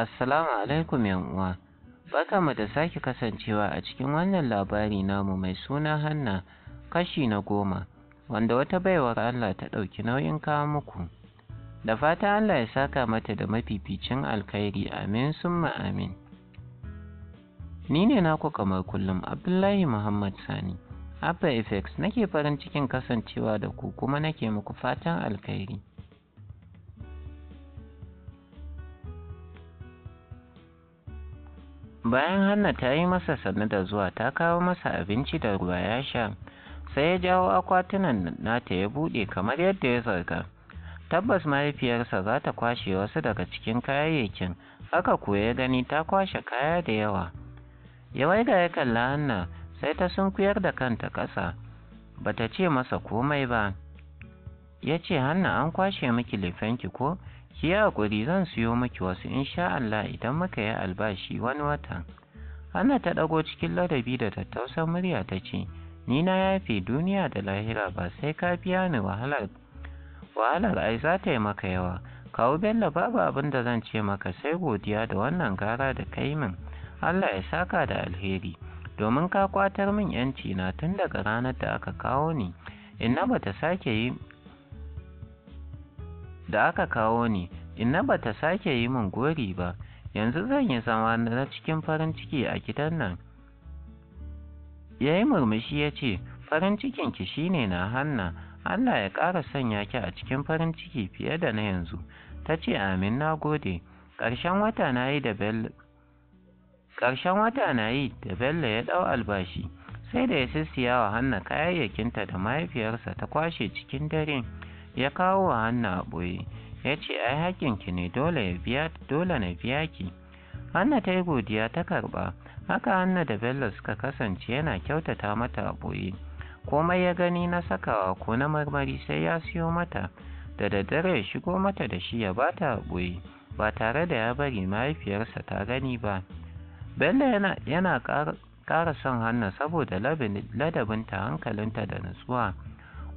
Assalamu alaikum uwa. mu da sake kasancewa a cikin wannan labari namu mai suna Hanna kashi na goma wanda wata baiwar Allah ta ɗauki nauyin kawo muku. Da fata Allah ya saka mata da mafificin alkhairi amin summa amin. Ni ne naku kamar kullum Abdullahi Muhammad Sani. Abba Effects nake farin cikin kasancewa da ku kuma nake muku fatan alkhairi. bayan hanna ta yi masa sannu da zuwa ta kawo masa abinci da ruwa ya sha sai ya jawo akwatunan nata ya buɗe kamar yadda ya zarga tabbas mahaifiyarsa za ta kwashe wasu daga cikin kayayyakin haka koya ya gani ta kwashe kaya da yawa ya waiga ya kalla hanna sai ta sunkuyar da kanta ƙasa ta ce masa komai ba ya ce hanna an kwashe miki lefenki ko ki yi haƙuri zan siyo miki wasu insha Allah idan muka yi albashi wani watan Hanna ta ɗago cikin ladabi da tattausan murya ta ce ni na yafe duniya da lahira ba sai ka biya ni wahalar wahalar ai za ta yi maka yawa kawo bello babu abin da zan ce maka sai godiya da wannan gara da kai min Allah ya saka da alheri domin ka kwatar min yanci na tun daga ranar da aka kawo ni inna bata sake yi da aka kawo ni inna ba ta sake yi min gori ba yanzu zan yi zama na cikin farin ciki a gidan nan ya yi murmushi ya ce farin cikinki shine na hanna allah ya ƙara sanya ki a cikin farin ciki fiye da na yanzu ta ce amin na gode ƙarshen wata na yi da bello ya ɗau albashi sai da ya sissiya wa hanna kayayyakinta da mahaifiyarsa ta kwashe cikin dare ya kawo wa hanna a ɓoye ya ce ai ki ne dole na biya ki hanna ta yi godiya ta karɓa haka hanna da bello suka kasance yana kyautata mata a ɓoye komai ya gani na sakawa ko na marmari sai ya siyo mata da daddare ya shigo mata da shi ya bata a ɓoye ba tare da ya bari mahaifiyarsa ta gani ba bello yana, yana ƙara son hanna saboda ladabinta hankalinta da nutsuwa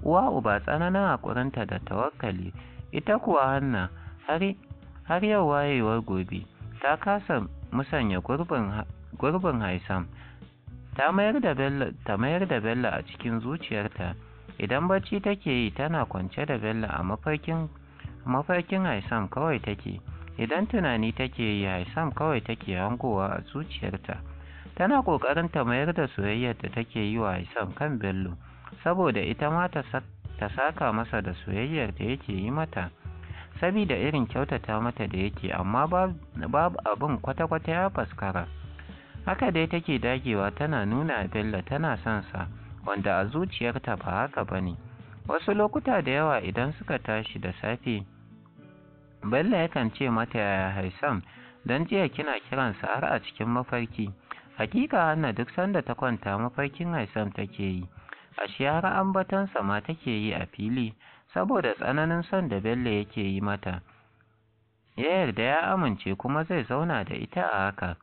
uwa uba tsananin haƙurinta da tawakkali ita kuwa hanna har yau wayewar gobe ta kasa musanya gurbin haisam ta mayar da bello a cikin zuciyarta idan bacci take yi tana kwance da bello a mafarkin haisam kawai take idan tunani take yi haisam kawai take hankowa a zuciyarta tana ƙoƙarin ta mayar da soyayyar da take yi wa haisam kan bello saboda ita ma ta saka masa da soyayyar da yake yi mata sabida irin kyautata mata da yake amma babu abin kwata-kwata ya faskara haka dai take dagewa tana nuna Bello tana son sa wanda a zuciyarta ba haka ba ne. wasu lokuta da yawa idan suka tashi da safe Bello yakan ce mata yaya Haisam don jiya kina kiransa har a cikin mafarki hakika hannu duk sanda ta kwanta mafarkin Haisam take yi ashe har ambatonsa ma take yi a fili saboda tsananin son da Bello yake yi mata. Ya yarda ya amince kuma zai zauna da ita a haka,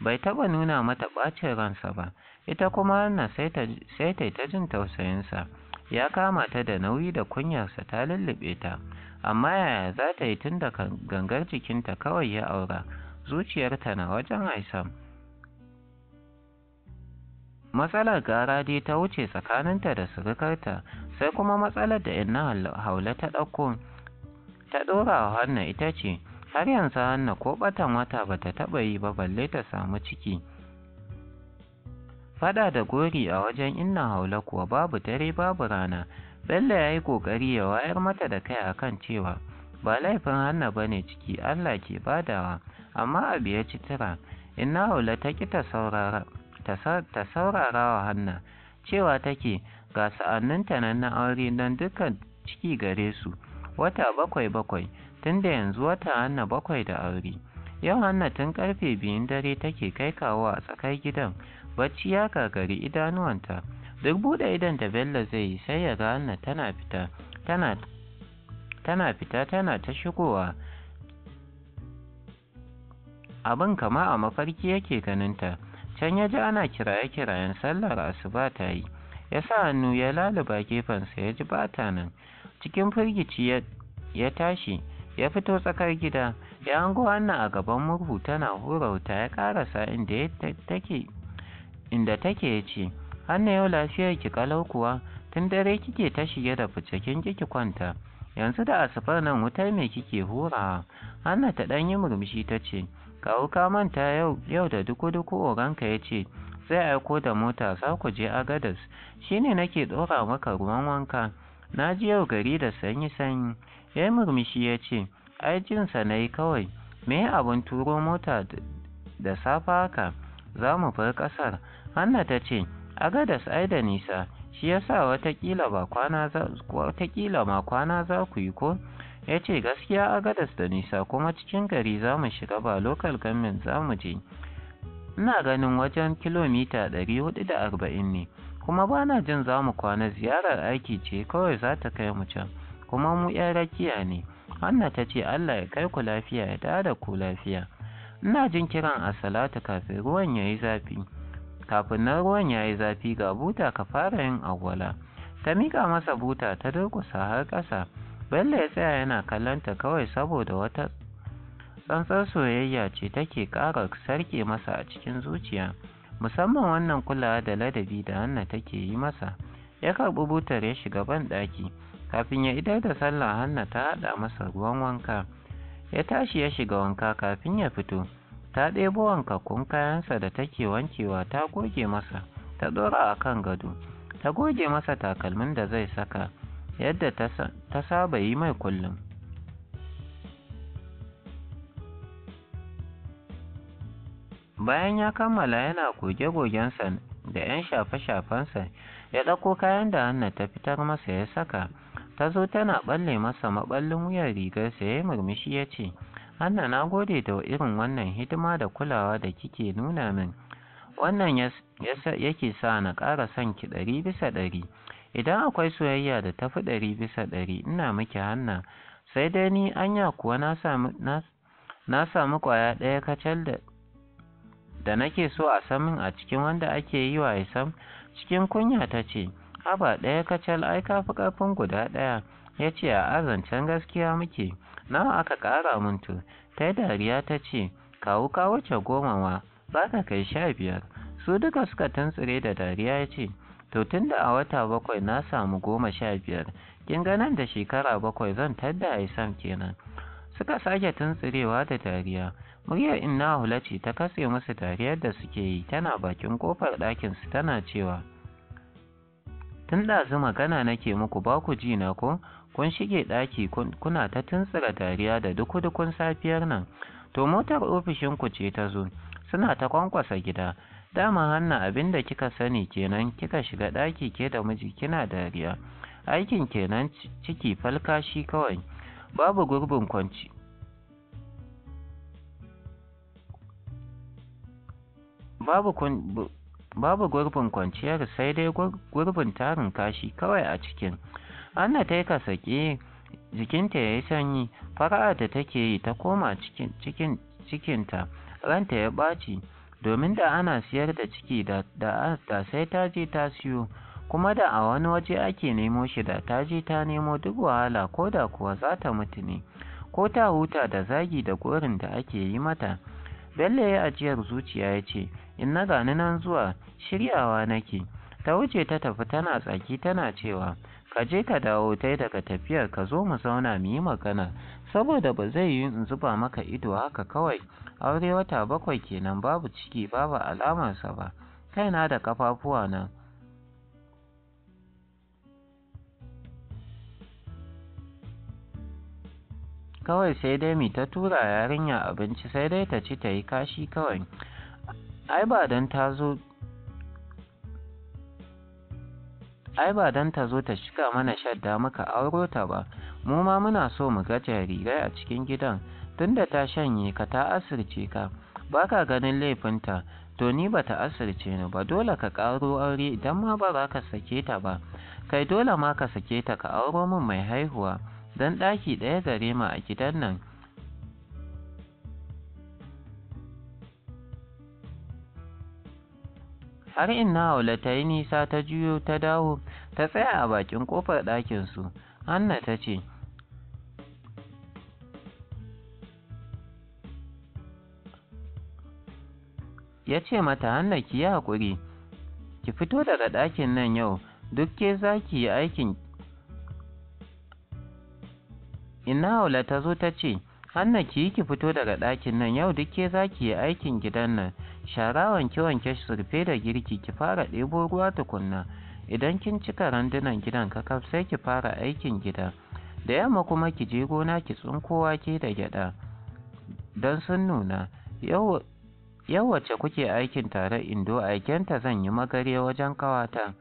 bai taɓa nuna mata ɓacin ransa ba, ita kuma na sai ta ta jin tausayinsa, ya kama ta da nauyi da kunyarsa ta lullube ta, amma yaya za ta yi tun da gangar jikinta kawai ya aura, zuciyarta na wajen Aisam. Matsalar gara dai ta wuce tsakaninta da surukarta, sai kuma matsalar da inna Haula ta ɗauko ta ɗora wa Hanna ita ce, har yanzu Hanna ko ɓatan wata ba ta taɓa yi ba balle ta samu ciki. Faɗa da gori a wajen inna Haula kuwa babu dare babu rana, Bello ya yi ƙoƙari ya wayar mata da kai akan cewa ba laifin Hanna ba ne ciki Allah ke badawa, amma abu ya ci tura, inna Haula ta ƙi ta saurara. ta saurara wa Hanna, cewa take ga sa'anninta nan na aure don dukkan ciki gare su, wata bakwai bakwai, tun da yanzu wata Hanna bakwai da aure. Yau Hanna tun karfe biyun dare take kai kawo a tsakar gidan, bacci ya gagari idanuwanta. Duk buɗe idan da Bello zai yi sai ya ga Hanna tana fita tana ta shigowa. abin kama a mafarki yake ganinta can ya ji ana kiraye-kirayen sallar ba ta yi ya sa hannu ya laluba gefensa ya ji bata nan cikin firgici ya tashi ya fito tsakar gida ya hango hannu a gaban murhu tana hura wuta ya karasa inda take inda take ya ce hanna yau lafiyar ki kalau kuwa tun dare kike ta shige da fice kin kiki kwanta yanzu da asafar nan wutar me kike hurawa hannu ta dan yi murmushi ta ce kawu ka manta yau da duku-duku oganka ya ce zai aiko da mota za ku je agadas ne nake ɗora maka ruwan wanka na ji yau gari da sanyi-sanyi ya murmushi ya ce ai jinsa na yi kawai me abin turo mota da safa haka za mu bar ƙasar hanna ta ce agadas ai da nisa shi yasa watakila ma kwana za ku yi ko ya ce gaskiya a gadas da nisa kuma cikin gari za mu shiga ba lokal gamin za mu je ina ganin wajen kilomita 440 ne kuma ba na jin za mu kwana ziyarar aiki ce kawai za ta kai mu can kuma mu 'yan rakiya ne anna ta ce Allah ya kai ku lafiya ya da ku lafiya ina jin kiran a salatu kafin ruwan ya yi zafi kafin na ruwan ya yi zafi ga buta ka fara yin agwala ta miƙa masa buta ta durƙusa har ƙasa Bello ya tsaya yana kallonta kawai saboda wata tsantsar soyayya ce take ƙara sarke masa a cikin zuciya musamman wannan kulawa da ladabi da Hanna take yi masa ya karɓi butar ya shiga ban ɗaki kafin ya idar da sallah Hanna ta haɗa masa ruwan wanka ya tashi ya shiga wanka kafin ya fito ta ɗebo wanka kun kayansa da take wankewa ta goge masa ta ɗora a kan gado ta goge masa takalmin da zai saka yadda ta saba yi mai kullum bayan ya kammala yana goge-gogensa da 'yan shafe-shafensa ya ɗauko kayan da hannu ta fitar masa ya saka ta zo tana ɓalle masa maɓallin wuyar rigarsa ya yi murmushi ya ce hanna na gode da irin wannan hidima da kulawa da kike nuna min wannan yake sa na ƙara son ki ɗari bisa ɗari idan akwai soyayya da tafi ɗari bisa ɗari ina miki hanna sai dai ni anya kuwa na sami ƙwaya ɗaya kacal da da nake so a samin a cikin wanda ake yi wa isam cikin kunya ta ce haba ɗaya kacal ai kafi ƙarfin guda ɗaya ya ce a azancen gaskiya muke na aka ƙara muntu? Ta ta dariya ta ce kawu kawo ce goma ma za ka kai sha biyar su duka suka tantsire da dariya ya ce to tun da a wata bakwai na samu goma sha biyar kin ga nan da shekara bakwai zan tadda aisam kenan suka sake tuntsirewa da dariya muryar inna hula ce ta katse musu dariyar da suke yi tana bakin kofar ɗakin su tana cewa tun ɗazu magana nake muku ba ku ji na ko kun shige ɗaki kuna ta tuntsira dariya da duku-dukun safiyar nan to motar ofishinku ce ta zo suna ta kwankwasa gida dama hanna abin da kika sani kenan kika shiga ɗaki ke da miji kina dariya aikin kenan ciki falkashi kawai babu gurbin kwanci babu gurbin kwanciyar sai dai gurbin tarin kashi kawai a cikin anna ta yi kasake jikinta ya yi sanyi fara'a da take yi ta koma cikin cikinta ranta ya ɓaci domin da ana siyar da ciki da sai ta je ta siyo kuma da a wani waje ake nemo shi da ta je ta nemo duk wahala ko da kuwa za ta mutu ne ko ta huta da zagi da gorin da ake yi mata bello ya ajiyar zuciya ya ce in na gani nan zuwa shiryawa nake ta wuce ta tafi tana tsaki tana cewa ka je ka dawo tai daga tafiyar ka zo mu zauna mu yi magana saboda ba zai yi in zuba maka ido haka kawai aure wata bakwai kenan babu ciki babu alamarsa ba Kai na da ƙafafuwa nan. kawai sai dai mi ta tura yarinya abinci sai dai ta ci ta yi kashi kawai ai ba don ta zo ai ba don ta zo ta shiga mana shadda muka auro ta ba mu ma muna so mu ga jarirai a cikin gidan tunda ta shanye ka ta asirce ka ba ka ganin laifinta to ni ba ta asirce ni ba dole ka ƙaro aure idan ma ba za ka sake ta ba kai dole ma ka sake ta ka auro min mai haihuwa don ɗaki ɗaya gare ma a gidan nan har inna haula ta yi nisa ta juyo ta dawo ta tsaya a bakin ƙofar ɗakinsu hanna ta ce ya ce mata hannu ki yi haƙuri ki fito daga ɗakin nan yau duk ke za ki yi aikin ina wula ta zo ta ce hannu ki yi ki fito daga ɗakin nan yau duk ke za ki yi aikin gidan nan shara wanke wanke surfe da girki ki fara ɗebo ruwa tukunna idan kin cika randunan gidan kakaf sai ki fara aikin gida da yamma kuma ki je gona ki tsinko wake da gyaɗa don sun nuna yau Yau wacce kuke aikin tare Indo aikenta zan yi magare wajen tun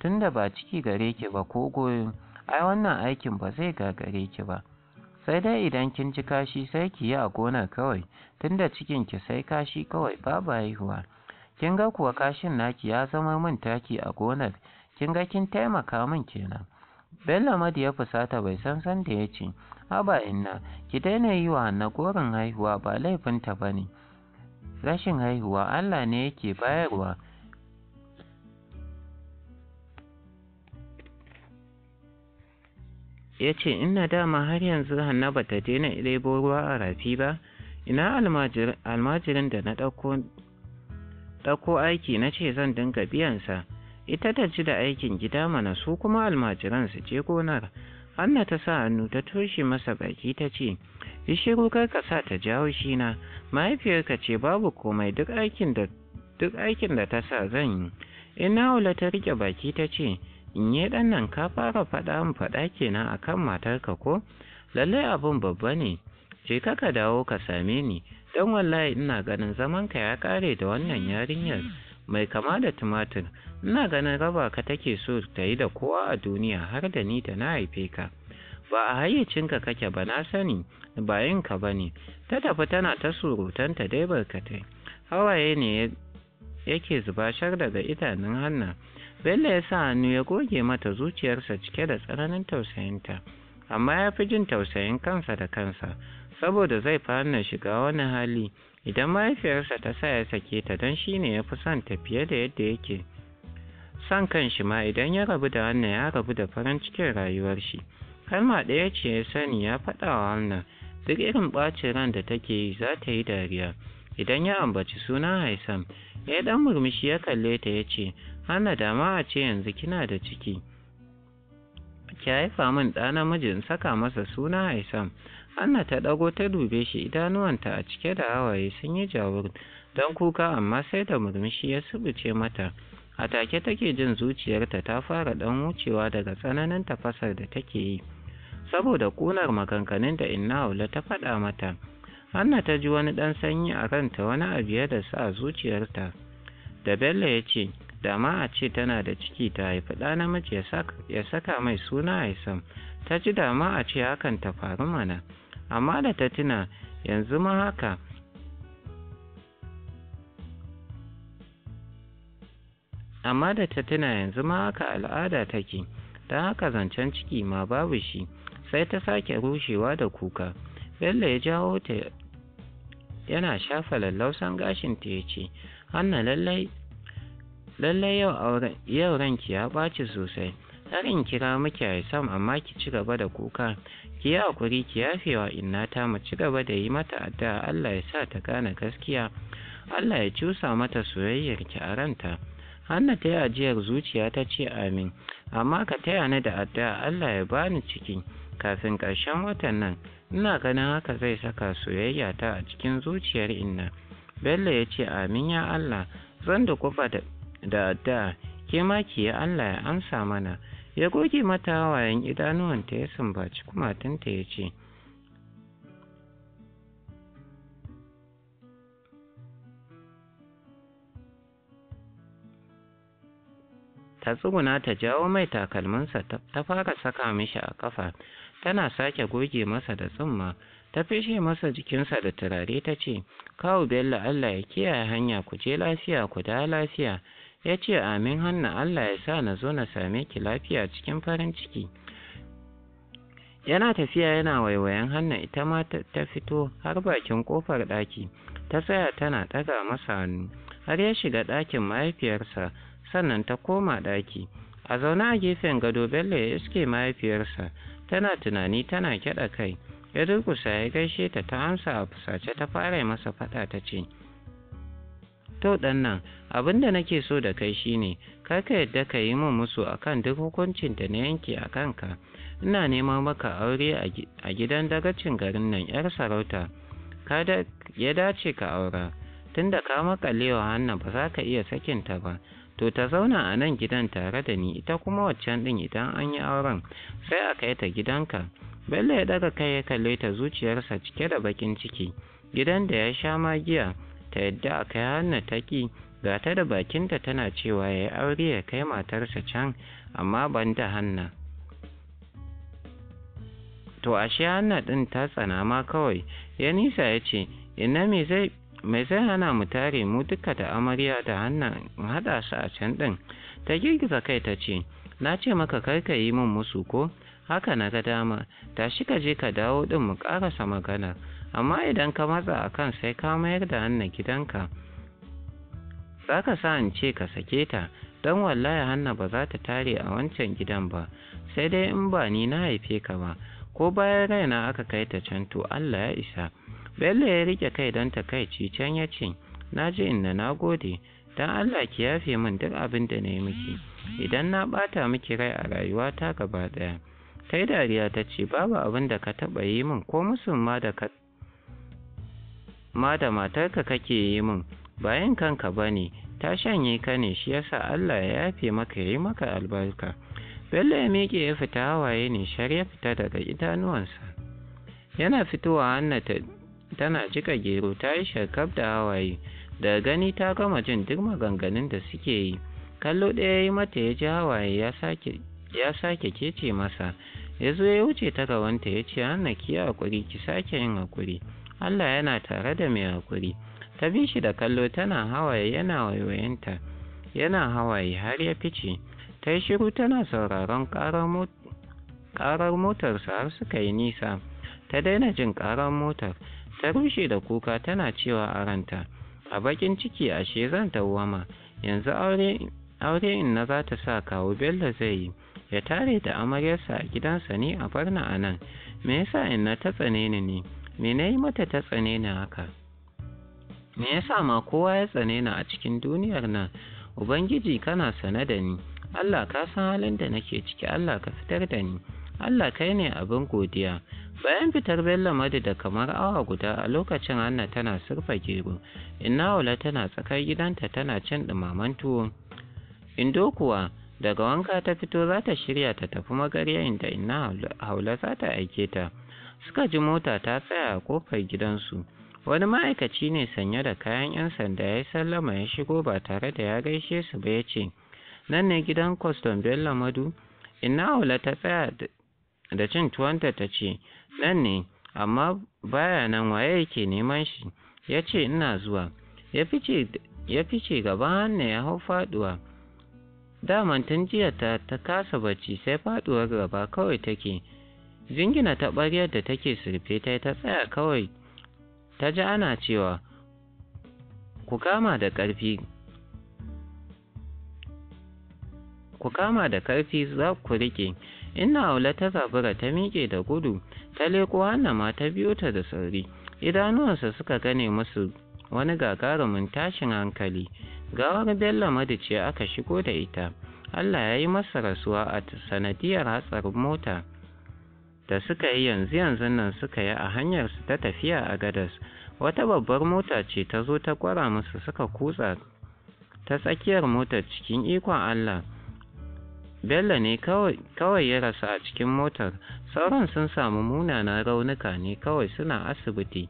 tunda ba ciki gare ki ba ko goyon ai wannan aikin ba zai gagare ki ba. Sai dai idan kin ci kashi sai ki yi a gonar kawai tunda cikin ki sai kashi kawai babu haihuwa. Kin ga kuwa kashin naki ya zama min taki a gonar kin ga kin taimaka min kenan. Bello Madi ya fusata bai san san da ya ce, Haba inna, ki daina yi wa na gorin haihuwa ba laifinta ba ne. rashin haihuwa Allah ne yake bayarwa ya ce ina dama har yanzu hanna ba ta daina ɗebo ruwa a rafi ba ina almajirin da na ɗauko aiki na ce zan dinga biyansa ita ta ji da aikin gida mana su kuma almajiran su je gonar Anna ta sa hannu ta toshe masa baki ta ce, Ishiru kar ka sa ta jawo shi na, mahaifiyarka ce babu komai duk aikin da ta sa zan yi. Ina wula ta rike baki ta ce, in yi ɗan nan ka fara faɗa min faɗa kenan kan matarka ko? Lallai abin babba ne, je ka ka dawo ka same ni, don wallahi ina ganin zamanka ya ƙare da wannan yarinyar. mai kama da tumatir ina ganin raba ka take so ta yi da kowa a duniya har da ni da na haife ka ba a ka kake ba na sani ba ka ba ne ta tafi tana ta surutanta dai barkatai hawaye ne yake zuba shar daga idanun hannu bello ya sa hannu ya goge mata zuciyarsa cike da tsananin tausayinta amma ya fi jin tausayin kansa da kansa saboda zai fi hannun shiga wani hali idan mahaifiyarsa ta sa ya sake ta don shi ne ya fi son ta fiye da yadda yake son kan shi ma idan ya rabu da wannan ya rabu da farin cikin rayuwar shi kalma ɗaya ce ya sani ya faɗa wa wannan duk irin ɓacin ran da take yi za ta yi dariya idan ya ambaci sunan haisan. ya Dan murmushi ya kalle ta ya ce hana dama a ce yanzu kina da ciki ki haifa min ɗa namiji in saka masa suna Haisam. Anna ta ɗago ta dube shi idanuwanta a cike da hawaye sun yi jawur don kuka amma sai da murmushi ya subuce mata. A take take jin zuciyarta ta fara ɗan wucewa daga tsananin tafasar da take yi. Saboda ƙunar maganganun da inna haula ta faɗa mata. Anna ta ji wani ɗan sanyi a ranta wani abu ya da a zuciyarta. Da Bello ya ce, da a ce tana da ciki ta haifi ɗa namiji ya saka mai suna aisam ta ji da a ce hakan ta faru mana amma da ta tuna yanzu ma haka amma da ta tuna yanzu ma haka al'ada take don haka zancen ciki ma babu shi sai ta sake rushewa da kuka bello ya jawo ta yana shafa lallausan gashin ta ya ce hanna lallai lallai yau yau ranki ya ɓaci sosai har in kira miki sam amma ki ci gaba da kuka ki yi hakuri ki yafewa inna ta mu ci gaba da yi mata addu'a Allah ya sa ta gane gaskiya Allah ya cusa mata soyayyar ki a ranta Hanna ta yi ajiyar zuciya ta ce amin amma ka taya ni da addu'a Allah ya bani ciki kafin ƙarshen watan nan ina ganin haka zai saka soyayya ta a cikin zuciyar inna Bello ya ce amin ya Allah zan da kofa da da da ke maki Allah ya amsa mana ya goge mata wayan idanuwanta ya sumbaci kumatinta ya ce ta tsuguna ta jawo mai takalminsa ta fara saka mishi a kafa tana sake goge masa da tsumma ta fishe masa jikinsa da turare ta ce kawo bello allah ya kiyaye hanya ku je lafiya ku da lafiya ya ce amin hanna allah ya sa na zo na same ki lafiya cikin farin ciki yana tafiya yana waiwayen hanna ita ma ta fito har bakin kofar ɗaki ta tsaya tana ɗaga masa hannu har ya shiga ɗakin mahaifiyarsa sannan ta koma ɗaki a zaune a gefen gado bello ya iske mahaifiyarsa tana tunani tana kyaɗa kai ya durkusa ya gaishe ta ta amsa a fusace ta fara masa faɗa ta ce to ɗannan abin da nake so da kai shine kar ka yadda ka yi min musu akan duk hukuncin da na yanke a kanka ina neman maka aure a gidan dagacin garin nan yar sarauta ka ya dace ka aura tunda ka makalewa hannan ba za ka iya sakin ta ba to ta zauna a nan gidan tare da ni ita kuma waccan ɗin idan an yi auren sai a kai ta gidanka bello ya ɗaga kai ya kalle ta zuciyarsa cike da bakin ciki gidan da ya sha magiya ta yadda a kai hanna ta ki ga ta da bakinta tana cewa ya yi aure ya kai matarsa can amma ban da hanna to ashe hanna ɗin ta tsana ma kawai ya nisa ya ce ina me zai mai zai hana mu tare mu duka da amarya da hannun haɗa su a can ɗin ta girgiza kai ta ce na ce maka kar ka yi min musu ko haka na ga dama tashi ka je ka dawo ɗin mu ƙarasa magana amma idan ka matsa a kan sai ka mayar da hannun gidanka za ka sa in ce ka sake ta don wallahi hanna ba za ta tare a wancan gidan ba sai dai in ba ni na haife ka ba ko bayan raina aka kai ta can to allah ya isa bello ya rike kai don ta kai ci can ya ce na ji inna na gode don allah ki yafe min duk abin da na yi miki idan na bata miki rai a rayuwa ta gaba ɗaya kai dariya ta ce babu abin da ka taɓa yi min ko musulma da ka ma da matarka kake yi min bayan kanka ba ne ta shanye ka ne shi yasa Allah ya yafe maka ya yi maka albarka Bello ya miƙe ya fita hawaye ne shar ya fita daga idanuwansa yana fitowa ta tana jika gero ta yi shakab da hawaye Da gani ta gama jin duk maganganun da suke yi kallo ɗaya ya yi mata ya ji hawaye ya sake kece masa ya zo ya wuce ta gawanta ya ce Hanna ki hakuri ki sake yin haƙuri Allah yana tare da mai hakuri ta bi shi da kallo tana hawaye yana waiwayenta yana hawaye har ya fice ta yi shiru tana sauraron ƙarar motarsa har suka yi nisa ta daina jin ƙarar motar ta rushe da kuka tana cewa a ranta a bakin ciki ashe zan tawwama yanzu aure in na za ta sa kawo bello zai yi ya tare da amaryarsa a gidansa ni a barna a nan me yasa in na ta tsane ne Me na yi mata ta tsane ni haka? Me ya sa ma kowa ya tsane ni a cikin duniyar nan? Ubangiji kana sane da ni, Allah ka san halin da nake ciki, Allah ka fitar da ni, Allah kai ne abin godiya. Bayan fitar Bello Madu da kamar awa guda a lokacin Hanna tana surfa gero, Inna tana tsakar gidanta tana cin ɗumaman tuwo. Indo kuwa daga wanka ta fito za ta shirya ta tafi magariya inda Inna Haula za ta aike ta. suka ji mota ta tsaya a kofar gidansu wani ma'aikaci ne sanye da kayan 'yan sanda ya sallama ya shigo ba tare da ya gaishe su ba ya ce nan ne gidan kwaston bello madu ina aula ta tsaya da cin tuwanta ta ce nan ne amma baya nan waye yake neman shi ya ce ina zuwa ya fice gaban hannu ya hau faduwa daman tun jiya ta kasa bacci sai faduwar gaba kawai take jingina taɓaryar da take surfe ta ta tsaya kawai ta ji ana cewa ku kama da ƙarfi ku kama da ƙarfi za ku riƙe ina aula ta zabura ta miƙe da gudu ta leko hannu ma ta biyo ta da sauri idanuwansa suka gane musu wani gagarumin tashin hankali gawar bello ce aka shigo da ita allah ya yi masa rasuwa a sanadiyar hatsarin mota da suka yi yanzu yanzun nan suka yi a hanyar su ta tafiya a gadas wata babbar mota ce ta zo ta kwara musu suka kutsa ta tsakiyar motar cikin ikon Allah Bello ne kawai ya rasu a cikin motar sauran sun samu munana raunuka ne kawai suna asibiti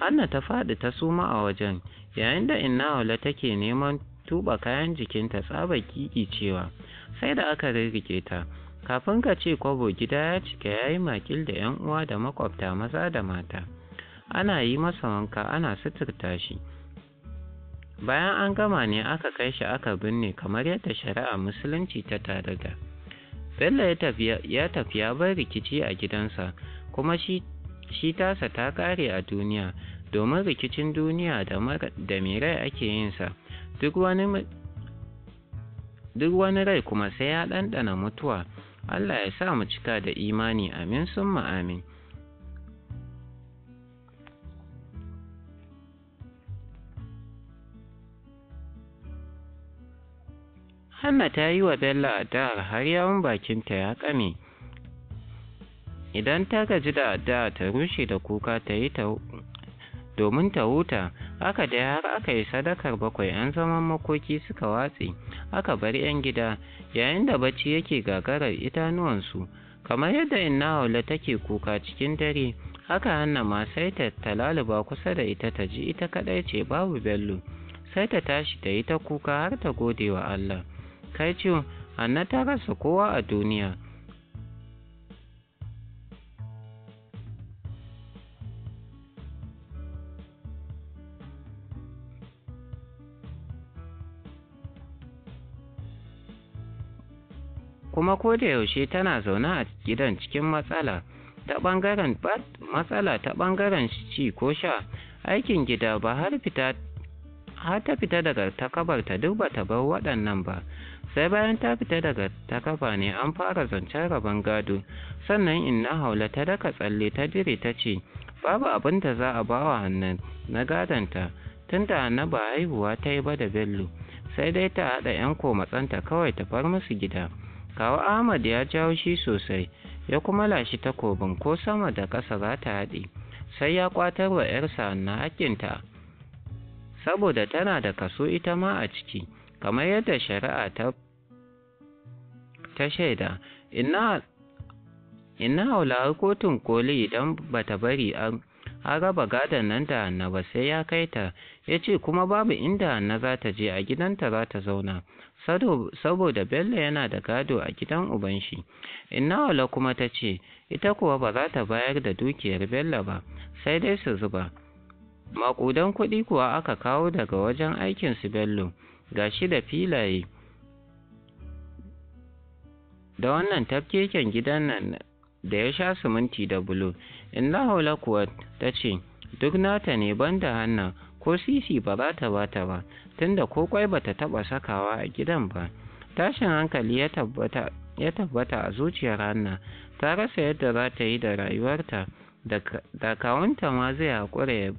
Hanna ta faɗi ta suma a wajen yayin da Innaola take neman tuba kayan jikinta tsaba kiki cewa sai da aka rirrike ta kafin ka ce kwabo gida ya cika ya yi makil da yan uwa da makwabta maza da mata ana yi masa wanka ana suturta shi bayan an gama ne aka kai shi aka binne kamar yadda shari'a musulunci ta da bello ya tafi ya bar rikici a gidansa kuma shi tasa ta kare a duniya domin rikicin duniya da mai rai ake yinsa duk wani rai kuma sai ya ɗanɗana mutuwa Allah ya sa mu cika da imani amin summa amin Hanna ta yi wa Bello addu'ar har yawon bakinta ya ƙame. Idan ta gaji da addu'a ta rushe da kuka ta yi ta domin ta huta haka da har aka yi sadakar bakwai an zaman makoki suka watse aka bar 'yan gida yayin da bacci yake gagarar idanuwansu kamar yadda inna haula take kuka cikin dare haka hanna ma sai ta ba kusa da ita ta ji ita kadai ce babu bello sai ta tashi ta yi ta kuka har ta gode wa allah kai ciwo Hanna ta rasa kowa a duniya kuma ko da yaushe tana zaune a gidan cikin matsala ta ɓangaren matsala ta ɓangaren ci ko sha aikin gida ba har fita har ta fita daga takabar ta duk ba ta bar waɗannan ba sai bayan ta fita daga takaba ne an fara zancen rabon gado sannan inna haula ta daka tsalle ta dire ta ce babu abin da za a ba wa hannun na gadonta tunda na ba haihuwa ta yi ba da bello sai dai ta haɗa 'yan komatsanta kawai ta far musu gida kawu ahmad ya jawo shi sosai ya kuma lashi takobin ko sama da ƙasa za ta haɗe sai ya ƙwatar wa 'yarsa na haƙƙinta saboda tana da kaso ita ma a ciki kamar yadda shari'a ta ta shaida ina ina kotun koli idan bata bari an raba gadon nan da na ba sai ya kai ta ya ce kuma babu inda na za ta je a gidanta za ta zauna saboda Bello yana da gado a gidan ubanshi. Inna kuma ta ce, ita kuwa ba za ta bayar da dukiyar Bello ba, sai dai su zuba. Maƙudan kuɗi kuwa aka kawo daga wajen aikinsu Bello, ga shi da filaye. Da wannan tafkeken gidan nan da ya sha siminti da bulo, Inna kuwa ta ce, duk nata ne banda hannan ko sisi ba za ta bata ba tunda ko kwai ba ta taɓa sakawa a gidan ba tashin hankali ya tabbata a zuciyar Hanna ta rasa yadda za ta yi da rayuwarta da kawunta ma zai haƙura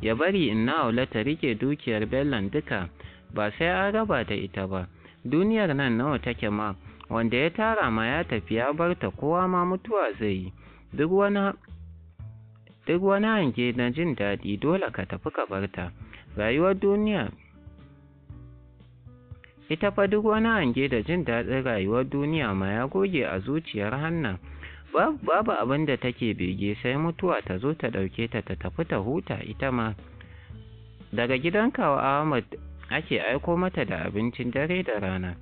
ya bari in na aula ta rike dukiyar Bellan duka ba sai an raba da ita ba duniyar nan nawa take ma wanda ya tara ma ya tafi ya bar ta kowa ma mutuwa zai yi duk wani duk wani hange na jin daɗi dole ka tafi ka bar ta rayuwar duniya ita fa duk wani hange da jin daɗin rayuwar duniya ma ya goge a zuciyar hannan babu abin da take bege sai mutuwa ta zo ta ɗauke ta ta tafi ta huta ita ma daga gidan kawo ahmad ake aiko mata da abincin dare da rana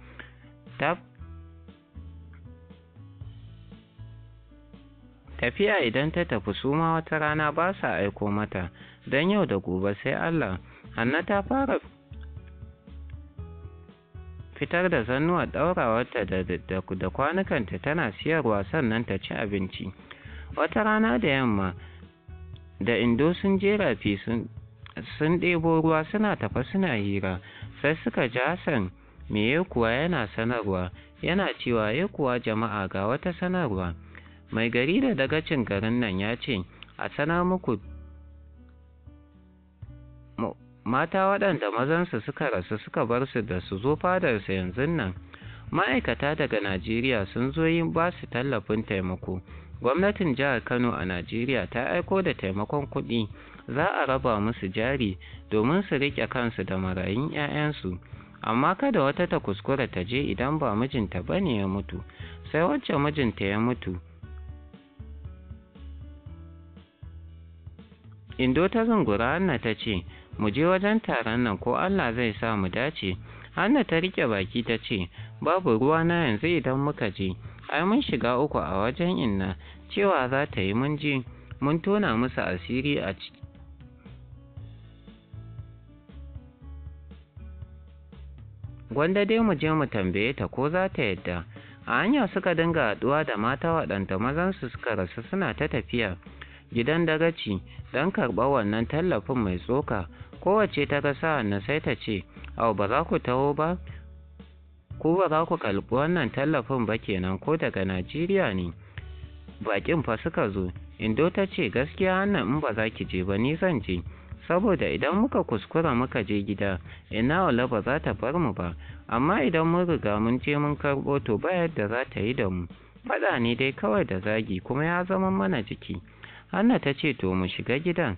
tafiya idan ta tafi su ma wata rana ba sa aiko mata don yau da gobe sai allah hanna ta fara fitar da zannuwa ɗaurawarta da kwanukanta tana siyarwa sannan ta ci abinci wata rana da yamma da indo sun je rafi sun ɗebo ruwa suna tafa suna hira sai suka ji hassan me kuwa yana sanarwa yana cewa ya kuwa jama'a ga wata sanarwa mai gari da dagacin garin nan ya ce a sana muku mata waɗanda mazansu suka rasu suka bar su da su zo fadarsa yanzu nan ma'aikata daga najeriya sun zo yin ba su tallafin taimako gwamnatin jihar kano a najeriya ta aiko da taimakon kuɗi za a raba musu jari domin su riƙe kansu da marayun 'ya'yansu amma kada wata ta kuskura ta je idan ba mijinta ba ne ya mutu sai wacce mijinta ya mutu indo ta zungura hanna ta ce mu je wajen taron nan ko allah zai sa mu dace hanna ta rike baki ta ce babu ruwa na yanzu idan muka je ai mun shiga uku a wajen inna cewa za ta yi mun je mun tona musu asiri a ciki gwanda dai mu je mu tambaye ta ko za ta yadda a hanya suka dinga haɗuwa da mata waɗanda mazansu suka rasu suna ta tafiya gidan dagaci don karɓar wannan tallafin mai tsoka kowace ta gasa na sai ta ce au ba za ku taho ba ku ba za ku kalbi wannan tallafin ba kenan ko daga najeriya ne bakin fa suka zo indo ta ce gaskiya hannan in ba za ki je ba ni zan je saboda idan muka kuskura muka je gida ina wala ba za ta bar mu ba amma idan mun riga mun je mun karɓo to ba yadda za ta yi da mu faɗa ne dai kawai da zagi kuma ya zama mana jiki Hanna ta ce to mu shiga gidan.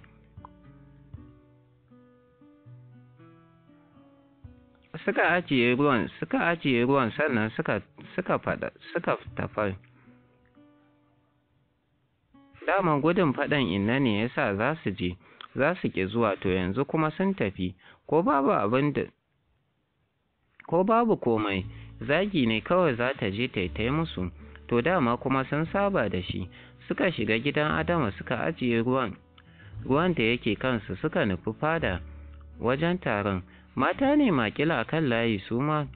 Suka ajiye ruwan, suka ajiye ruwan sannan suka suka fada suka tafi. Daman gudun fadan inna ne yasa za su je, za su ke zuwa to yanzu kuma sun tafi, ko babu abin da ko babu komai zagi ne kawai za ta je ta yi musu to dama kuma sun saba da shi suka shiga gidan adama suka ajiye ruwan ruwan da yake kansu suka nufi fada wajen taron mata ne makila kan layi su ma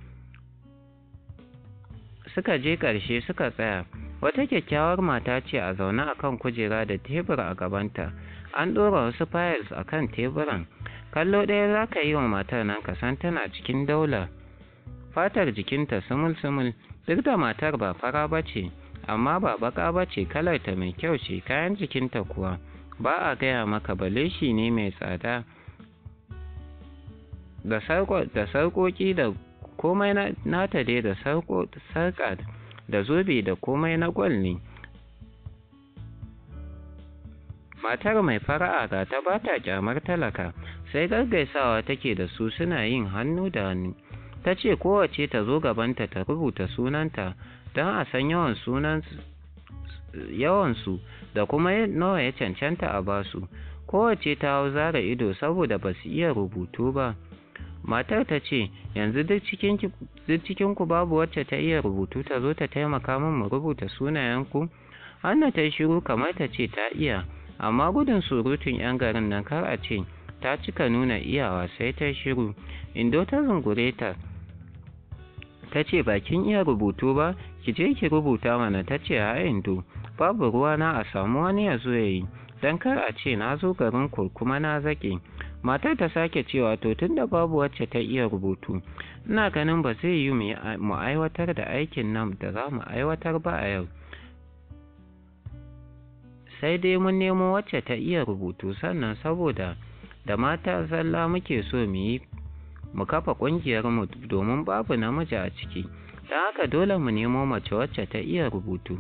suka je ƙarshe suka tsaya wata kyakkyawar mata ce a zaune a kan kujera da tebur a gabanta an ɗora wasu files a kan teburan kallo ɗaya za ka yi wa matar nan ka tana cikin daula fatar jikinta sumul-sumul duk da matar ba fara ba ce amma ba baka ba ce kalar ta mai kyau ce kayan jikinta kuwa ba a gaya maka bale shi ne mai tsada da sarƙoƙi da komai nata dai da sarƙa da zobe da komai na gwal ne matar mai fara'a ga ta ba ta kyamar talaka sai gargaisawa take da su suna yin hannu da hannu ta ce kowace ta zo gabanta ta rubuta sunanta don a san yawan sunan yawansu da kuma nawa ya cancanta a basu kowace ta hau zara ido saboda ba su iya rubutu ba matar ta ce yanzu duk cikin ku babu wacce ta iya rubutu ta zo ta taimaka min mu rubuta sunayenku hanna ta shiru kamar ta ce ta iya amma gudun surutun yan garin nan kar a ce ta cika nuna iyawa sai ta shiru indo ta zungure ta ta ce bakin iya rubutu ba ki je ki rubuta mana ta ce a yanzu. babu na a samu wani ya zo yayi dan kar a ce na zo garin kurkuma na zaƙe matar ta sake cewa to tunda babu wacce ta iya rubutu ina ganin ba zai yi mu aiwatar da aikin nan da za mu aiwatar ba a yau sai dai mun nemo wacce ta iya rubutu sannan saboda da mata zalla muke so mu yi mu kafa ƙungiyarmu domin babu namiji a ciki don haka dole mu nemo mace wacce ta iya rubutu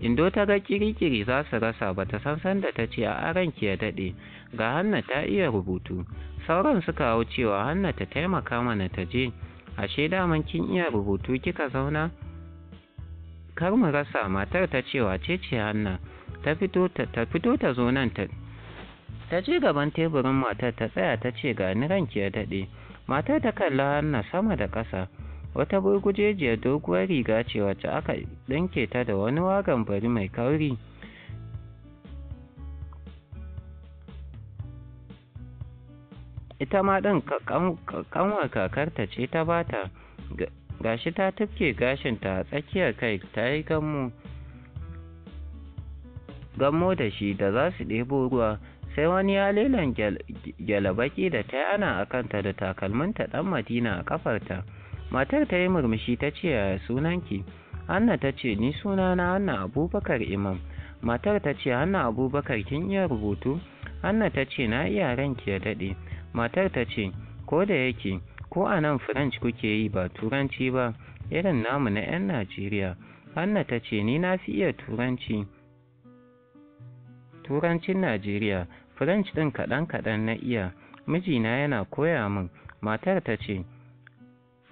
indo ta ga kirikiri za su rasa ba ta san sanda ta ce a aran ki ya daɗe ga hanna ta iya rubutu sauran suka hau cewa hanna ta taimaka mana ta je ashe daman kin iya rubutu kika zauna kar mu rasa matar ta cewa ce ce hanna ta fito ta zo nan ta ta je gaban teburin matar ta tsaya ta ce ga ni ranki ya daɗe matar ta kalla hanna sama da ƙasa wata burgujejiyar doguwar riga ce wacce aka ɗinke ta da wani wagon bari mai kauri ita ma ɗin kanwar kakarta ce ta bata gashi ta tafke gashinta a tsakiyar kai ta yi gammo da shi da za su ɗebo ruwa sai wani ya lelan gyalabaki da ta yana a kanta da takalminta ɗan madina a ƙafarta. matar ta yi murmushi ta ce yaya sunanki hanna ta ce ni sunana hanna abubakar imam matar ta ce hanna abubakar kin iya rubutu hanna ta ce na iya ranki ya daɗe matar ta ce ko da yake ko a nan french kuke yi ba turanci ba irin namu na 'yan najeriya hanna ta ce ni na fi iya turanci turancin najeriya french ɗin kaɗan-kaɗan na iya mijina yana koya min matar ta ce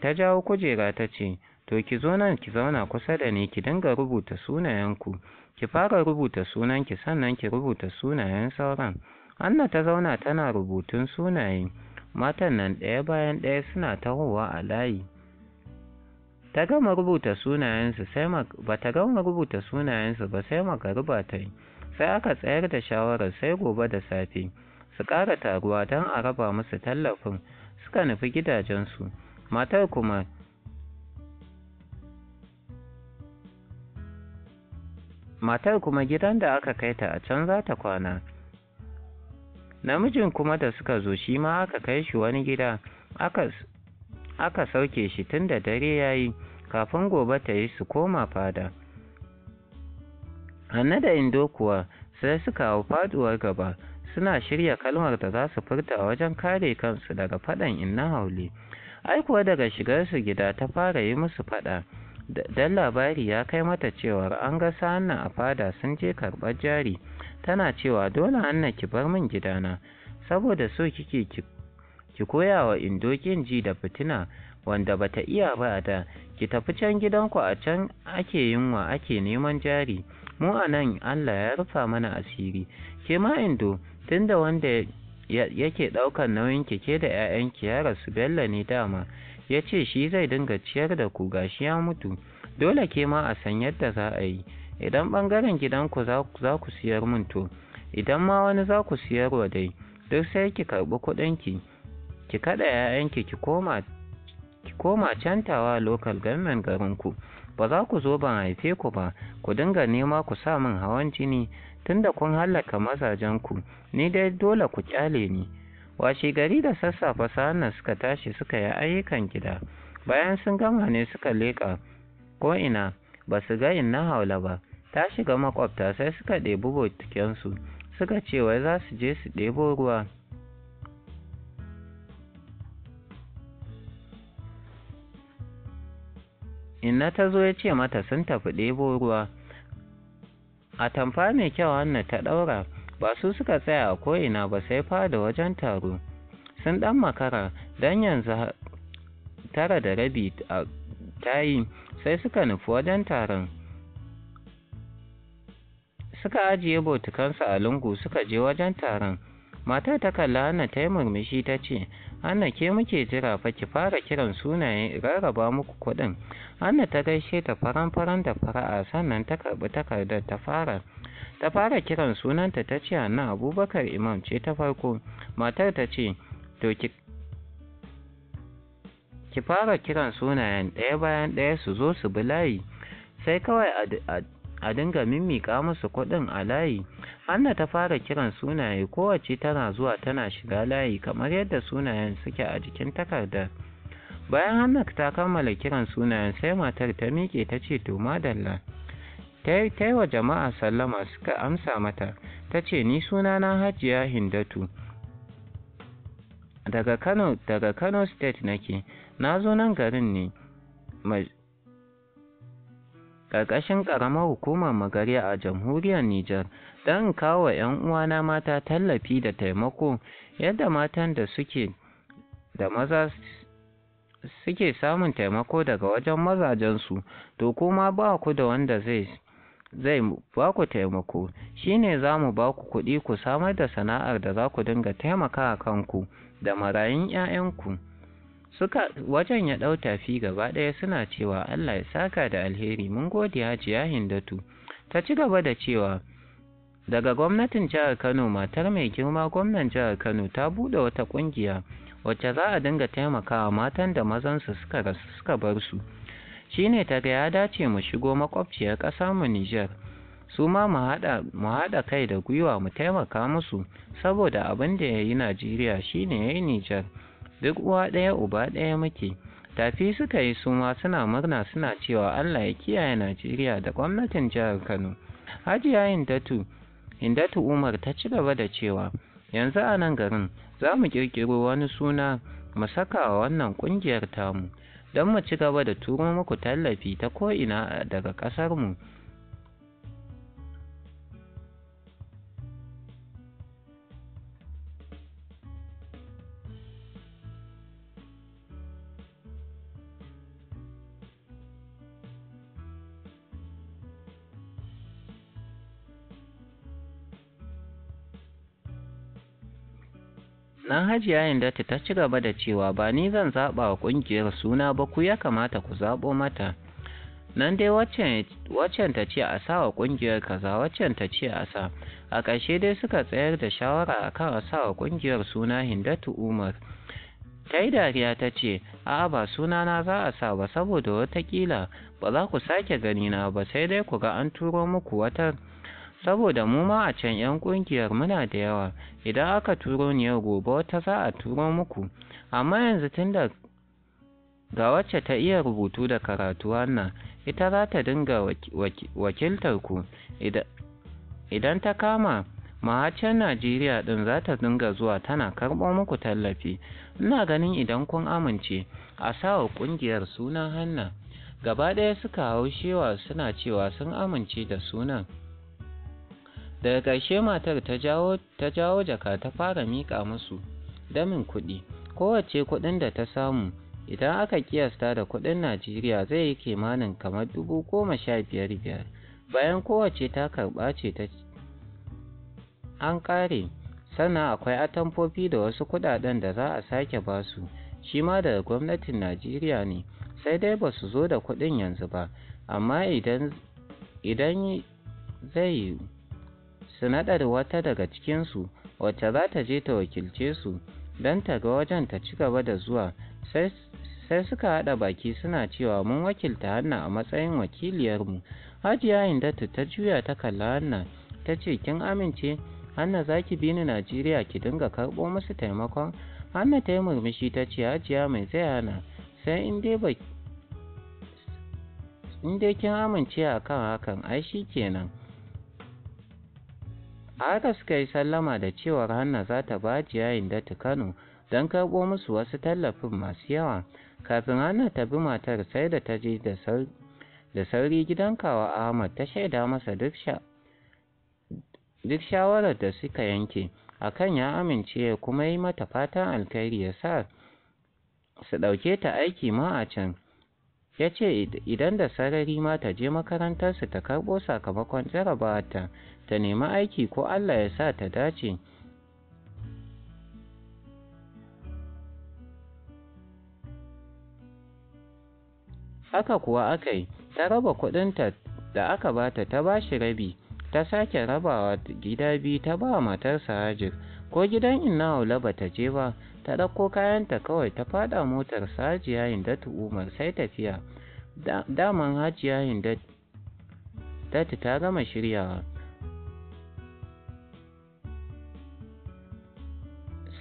ta jawo kujera ta ce to ki zo nan ki zauna kusa da ni ki dinga rubuta sunayenku ki fara rubuta sunanki sannan ki rubuta sunayen sauran anna ta zauna tana rubutun sunaye matan nan ɗaya bayan ɗaya suna tahowa a layi ta gama rubuta sunayensu sai ba ta gama rubuta sunayensu ba sai magariba ta yi sai aka tsayar da shawarar sai gobe da safe su ƙara taruwa don a raba musu tallafin suka nufi gidajensu matar kuma matar kuma gidan da aka kai ta a can za ta kwana namijin kuma da suka zo shi ma aka kai shi wani gida aka, aka sauke shi tun da dare ya yi kafin gobe ta yi su koma fada hannu da indo kuwa sai suka hau faduwar gaba suna shirya kalmar da za su furta wajen kare kansu daga faɗan inna haule ai kuwa daga shigarsu gida ta fara yi musu faɗa dan labari ya kai mata cewa, an ga sa'anna a fada sun je karɓar jari tana cewa dole anna ki bar min gidana saboda so kike ki koya wa indokin ji da fitina wanda bata iya ba da ki tafi can gidanku a can ake yunwa ake neman jari mu a nan allah ya rufa mana asiri ke ma indo tunda wanda yake ɗaukan nauyin kike da 'ya'yanki ya rasu bello ne dama ya ce shi zai dinga ciyar da ku gashi ya mutu dole ke ma a san yadda za a yi idan ɓangaren gidanku za ku siyar mun to idan ma wani za ku wa dai duk sai ki karɓi kuɗinki ki ki kaɗa 'ya'yanki ki koma ki koma cantawa local garin garinku ba za ku zo ban haife ku ba ku dinga nema ku sa min hawan jini tunda kun hallaka ku, ni dai dole ku kyale ni washe gari da sassafe sa'annan suka tashi suka yi ayyukan gida bayan sun gama ne suka leƙa ko ina ba su ga inna haula ba ta shiga makwabta sai suka ɗebi botikensu suka ce wai za su je su ɗebo ruwa inna ta zo ya ce mata sun tafi ɗebo ruwa A tamfa mai kyau hannu ta ɗaura ba su suka tsaya a ko'ina ba sai fada wajen taro sun ɗan makara don yanzu tara da rabi ta yi sai suka nufi wajen taron suka ajiye botukansu a lungu suka je wajen taron matar ta kalla hannu ta yi murmushi ta ce Anna ke muke jira fa ki fara kiran sunaye rarraba muku kuɗin. Anna ta gaishe ta faran-faran da fara'a sannan ta karɓi takardar ta fara. Ta fara kiran sunanta ta ce Anna Abubakar Imam ce ta farko. Matar ta ce to ki ki fara kiran sunayen ɗaya bayan ɗaya su zo su bi layi sai kawai a dinga mimmiƙa musu kuɗin a layi hanna ta fara kiran sunaye kowacce tana zuwa tana shiga layi kamar yadda sunayen suke a jikin takardar bayan Hanna ta kammala kiran sunayen sai matar ta miƙe ta ce to madalla ta yi wa jama'a sallama suka amsa mata ta ce ni na hajiya hindatu daga kano daga kano state nake na zo nan garin ne ƙarƙashin ƙaramar hukumar Magarya a jamhuriyar Nijar don kawo wa 'yan uwana mata tallafi da taimako yadda matan da suke da maza suke samun taimako daga wajen mazajensu to kuma ba ku da wanda zai zai ba ku taimako shine za mu ba ku kuɗi ku samar da sana'ar da za ku dinga taimaka kanku da marayun 'ya'yanku suka wajen ya ɗau tafi gaba ɗaya suna cewa Allah ya saka da alheri mun gode hajiya Hindatu ta ci gaba da cewa daga gwamnatin jihar Kano matar mai girma gwamnan jihar Kano ta buɗe wata ƙungiya wacce za a dinga taimakawa matan da mazansu suka rasu suka bar su Shi ne ta ga ya dace mu shigo makwabciyar ƙasa mu Nijar su ma mu haɗa kai da gwiwa mu taimaka musu saboda abin da ya yi Najeriya shine ya yi Nijar. duk uwa ɗaya uba ɗaya muke tafi suka yi suma suna murna suna cewa allah ya kiyaye najeriya da gwamnatin jihar kano hajiya indatu indatu umar ta ci gaba da cewa yanzu a nan garin za mu ƙirƙiro wani suna mu saka wa wannan ƙungiyar tamu don mu ci gaba da turo muku tallafi ta ko'ina daga ƙasarmu nan hajiya yandata ta ci gaba da cewa ba ni zan zaɓa wa ƙungiyar suna ba ku ya kamata ku zaɓo mata nan dai waccan ta ce a sa wa ƙungiyar kaza waccan ta ce a sa a ƙarshe dai suka tsayar da shawara a kan a sa wa ƙungiyar suna hindatu umar ta yi dariya ta ce a'a ba suna na za a sa ba saboda watakila ba za ku sake gani na ba sai dai ku ga an turo muku wata Saboda mu ma a can 'yan ƙungiyar muna da yawa, idan aka turo ni yau gobe wata za a turo muku, amma yanzu tunda ga wacce ta iya rubutu da karatu wannan, ita za ta dinga wakiltar ku, idan ta kama mahaccen Najeriya din za ta dinga zuwa tana karɓo muku tallafi. Ina ganin idan kun amince, a sawa wa ƙungiyar sunan Gaba ɗaya suka haushewa suna cewa sun amince da sunan. daga ƙarshe matar ta jawo jaka ta fara mika musu damin kuɗi kowace kuɗin da ta samu idan aka kiyasta da kuɗin najeriya zai yi kimanin kamar dubu goma sha biyar biyar bayan kowace ta karɓa ce ta an ƙare sannan akwai atamfofi da wasu kuɗaɗen da za a sake basu shi ma daga gwamnatin najeriya ne sai dai ba su zo da kuɗin yanzu ba amma idan zai yiwu su naɗa wata daga cikinsu wacce za ta je ta wakilce su don ta ga wajen ta ci gaba da zuwa sai suka haɗa baki suna cewa mun wakilta hanna a matsayin wakiliyarmu hajiya inda ta juya ta kalla hanna ta ce kin amince hanna za ki bi najeriya ki dinga karɓo musu taimakon hanna ta yi murmushi ta ce hajiya mai zai hana sai in dai in dai kin amince a kan hakan ai shi kenan A suka yi sallama da cewar Hanna za ta ba datti Kano don karɓo musu wasu tallafin masu yawa. Kafin Hanna ta bi matar sai da ta je da sauri gidan kawa Ahmad ta shaida masa duk shawarar da suka yanke akan ya amince kuma yi mata fatan alkhairi ya sa su ɗauke ta aiki ma a can. ya ce idan da sarari ma ta je makarantarsu ta karɓo sakamakon jarabawarta ta nemi aiki ko allah ya sa ta dace haka kuwa aka yi ta raba kuɗinta da aka bata ta bashi rabi ta sake rabawa gida biyu ta ba matarsa hajir ko gidan inna ba ta je ba ta ɗauko kayanta kawai ta faɗa motar sa hajiya hindatu umar sai tafiya daman hajiya hindatu ta gama shiryawa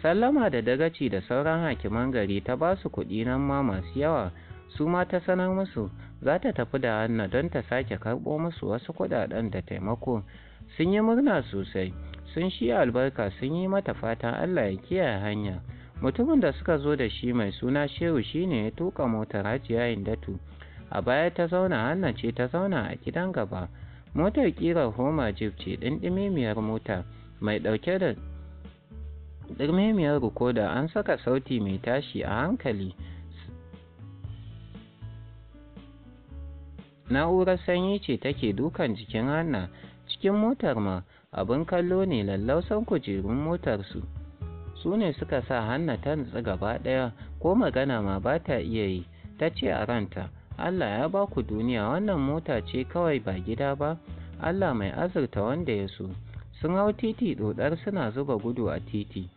sallama da dagaci da sauran hakiman gari ta ba su kuɗi nan ma masu yawa su ma ta sanar musu za ta tafi da hannu don ta sake karɓo musu wasu kuɗaɗen da taimako sun yi murna sosai sun shi albarka sun yi mata fatan allah ya kiyaye hanya mutumin da suka zo da shi mai suna shehu shine ya tuka motar hajiya indatu a baya ta zauna hannan ce ta zauna a gidan gaba motar ƙirar homa jeep ce ɗinɗimimiyar mota mai ɗauke da ɗirmimiyar rikoda an saka sauti mai tashi a hankali na'urar sanyi ce take dukan jikin hanna cikin motar ma abin kallo ne lallausan kujerun motarsu su ne suka sa hanna ta nutsu gaba ɗaya ko magana ma ba ta iya yi ta ce a ranta allah ya ba ku duniya wannan mota ce kawai ba gida ba allah mai azurta wanda ya so sun hau titi dodar suna zuba gudu a titi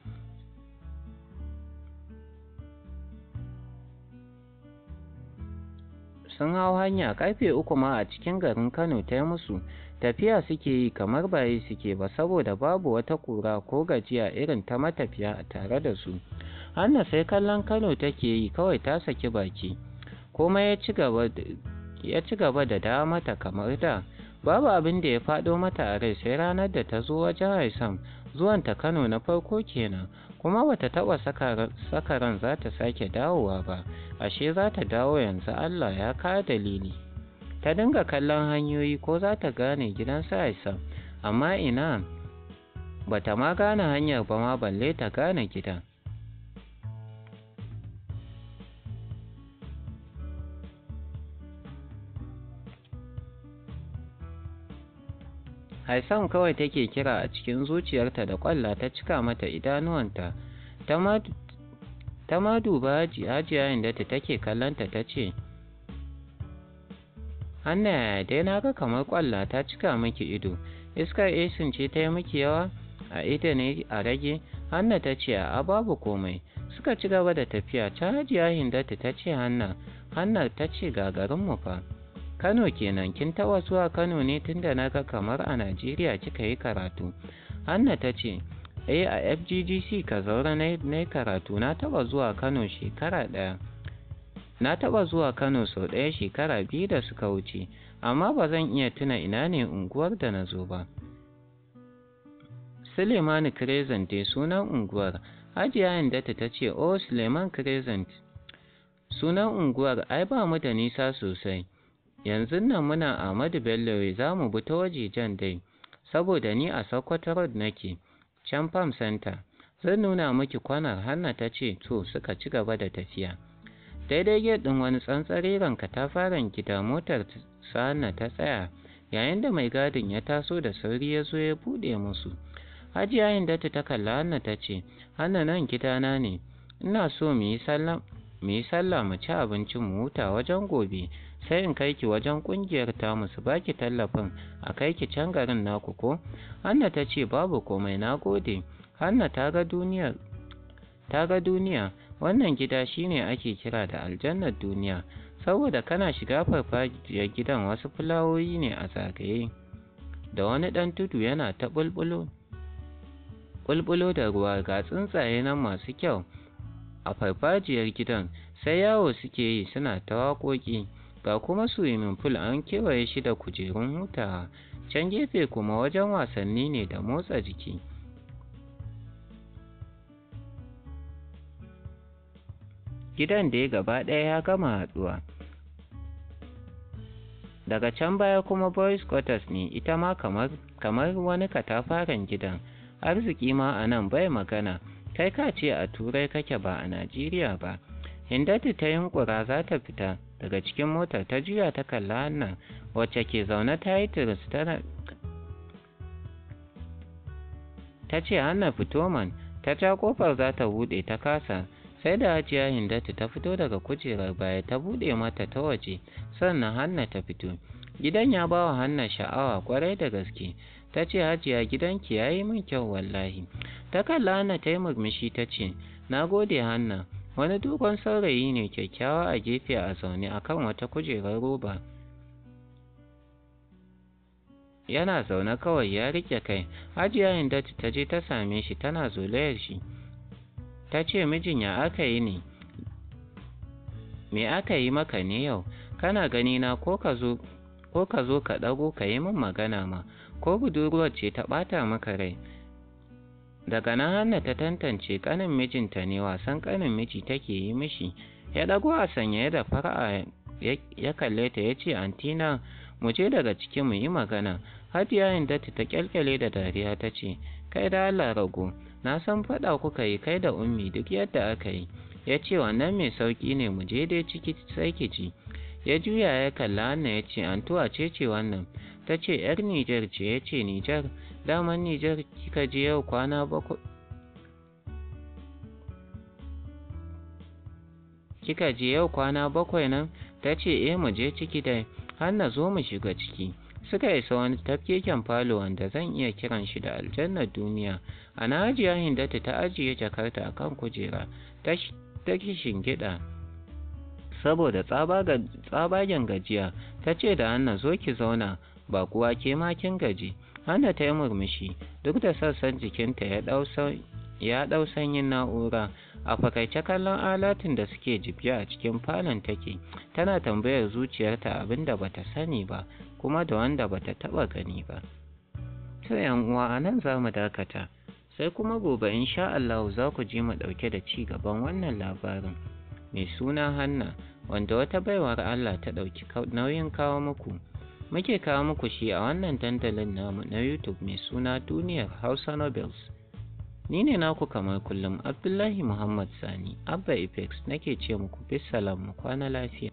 sun hau hanya karfe uku ma a cikin garin kano ta yi musu tafiya suke yi kamar baye suke ba saboda babu wata ƙura ko gajiya irin ta matafiya a tare da su hanna sai kallon kano take yi kawai ta saki baki kuma ya ci gaba da dawo mata kamar da babu abin da ya faɗo mata a rai sai ranar da ta zo wajen haisam ta kano na farko kenan kuma bata taɓa sakaran za ta sake dawowa ba ashe za ta dawo yanzu allah ya ka dalili ta dinga kallon hanyoyi ko za ta gane gidan su Aisha amma ina ba ta ma gane hanyar ba ma balle ta gane gidan Haisam kawai take kira a cikin zuciyarta da kwalla ta cika mata idanuwanta ta ma duba hajiya inda ta take kallonta ta ce Hanna dai na ga kamar kwalla ta cika miki ido, iskar esin ce ta yi miki yawa a ita ne a rage, Hanna ta ce a babu komai. Suka ci gaba da tafiya ta hajiya Hindatu ta ce Hanna, Hanna ta ce mu fa. Kano kenan kin taɓa zuwa Kano ne tunda na ga kamar a Najeriya kika yi karatu. Hanna ta ce, Eh a FGGC ka zaura na yi karatu na taɓa zuwa Kano shekara ɗaya. na taɓa zuwa kano sau ɗaya shekara biyu da suka wuce amma ba zan iya tuna ina ne unguwar da na zo ba suleiman crescent sunan unguwar hajiya Indata ta ce O oh, suleiman crescent sunan unguwar ai ba mu da nisa sosai yanzu nan muna ahmadu bello za mu bi ta waje jan dai saboda ni a sokoto road nake can farm center zan nuna miki kwanar hanna ta ce to suka ci gaba da tafiya daidai gate ɗin wani ta fara gida motar sana ta tsaya yayin da mai gadin ya taso da sauri ya zo ya buɗe musu yayin da ta kalla hanna ta ce hanna nan gidana ne ina so mu yi sallah mu ci abincin mu huta wajen gobe sai in kai ki wajen kungiyar musu su baki tallafin a kai ki can garin naku ko hanna ta ce babu komai na gode hanna ta ga duniya wannan gida shi ne ake kira da aljannar duniya saboda kana shiga farfajiyar gidan wasu fulawoyi ne a zagaye da wani ɗan tudu yana ta bulbulo da ruwa ga tsuntsaye nan masu kyau a farfajiyar gidan sai yawo suke yi suna ta waƙoƙi ga kuma swimming pool an kewaye shi da kujerun hutawa can gefe kuma wajen wasanni ne da motsa jiki gidan da ya gaba ɗaya ya gama haɗuwa daga can baya kuma boys quarters ne ita ma kamar, wani katafaren gidan arziki ma a nan bai magana kai ka ce a turai kake ba a najeriya ba hindatu ta yunkura za ta fita daga cikin motar ta juya ta kalla hannan wacce ke zaune ta yi tana ta ce hannan fito ta ja kofar za ta buɗe ta kasa sai da hajiya hindatu ta fito daga kujerar baya ta buɗe mata ta waje sannan hanna ta fito gidan ya ba wa hanna sha'awa kwarai da gaske ta ce hajiya gidanki ya yi min kyau wallahi ta kalla hanna ta yi murmushi ta ce na gode hanna wani dogon saurayi ne kyakkyawa a gefe a zaune a kan wata kujerar roba yana zaune kawai ya rike kai hajiya hindatu ta je ta same shi tana zolayar shi ta ce mijin ya aka yi ne me aka yi maka ne yau kana gani na ko ka zo ko ka zo ka ɗago ka yi min magana ma ko budurwar ce ta ɓata maka rai daga nan hanna ta tantance ƙanin mijinta ne wasan ƙanin miji take yi mishi ya ɗago a sanye da fara'a ya kalle ta ya ce antina mu je daga ciki mu yi magana yayin da ta kyalkyale da dariya ta ce kai da allah rago na san faɗa kuka yi kai da ummi duk yadda aka yi ya ce wannan mai sauƙi ne mu je dai ciki sai ki ci ya juya ya kalla hannu ya ce an tuwa ce ce wannan ta ce yar nijar ce ya ce nijar daman nijar kika je yau kwana bakwai kika je yau kwana bakwai nan ta ce eh mu je ciki dai har zo mu shiga ciki suka isa wani tafkeken falo wanda zan iya kiran shi da aljannar duniya A ana hajiya hindata ta ajiye jakarta a kan kujera ta kishin gida saboda tsabagen gajiya ta ce da hanna zo ki zauna ba kuwa ke makin gaji hanna ta yi murmushi duk da sassan jikinta ya ɗau sanyin na'ura a fakaice kallon alatin da suke jibge a cikin falon take tana tambayar zuciyarta abin da bata sani ba kuma da wanda bata taba gani ba to uwa a nan za mu dakata sai kuma gobe insha Allah za ku ji mu dauke da ci gaban wannan labarin mai suna hanna wanda wata baiwar Allah ta dauki nauyin kawo muku muke kawo muku shi a wannan dandalin namu na YouTube mai suna duniyar Hausa Nobels. Ni ne naku kamar kullum Abdullahi Muhammad Sani, Abba Apex nake ce muku bisalam mu kwana lafiya.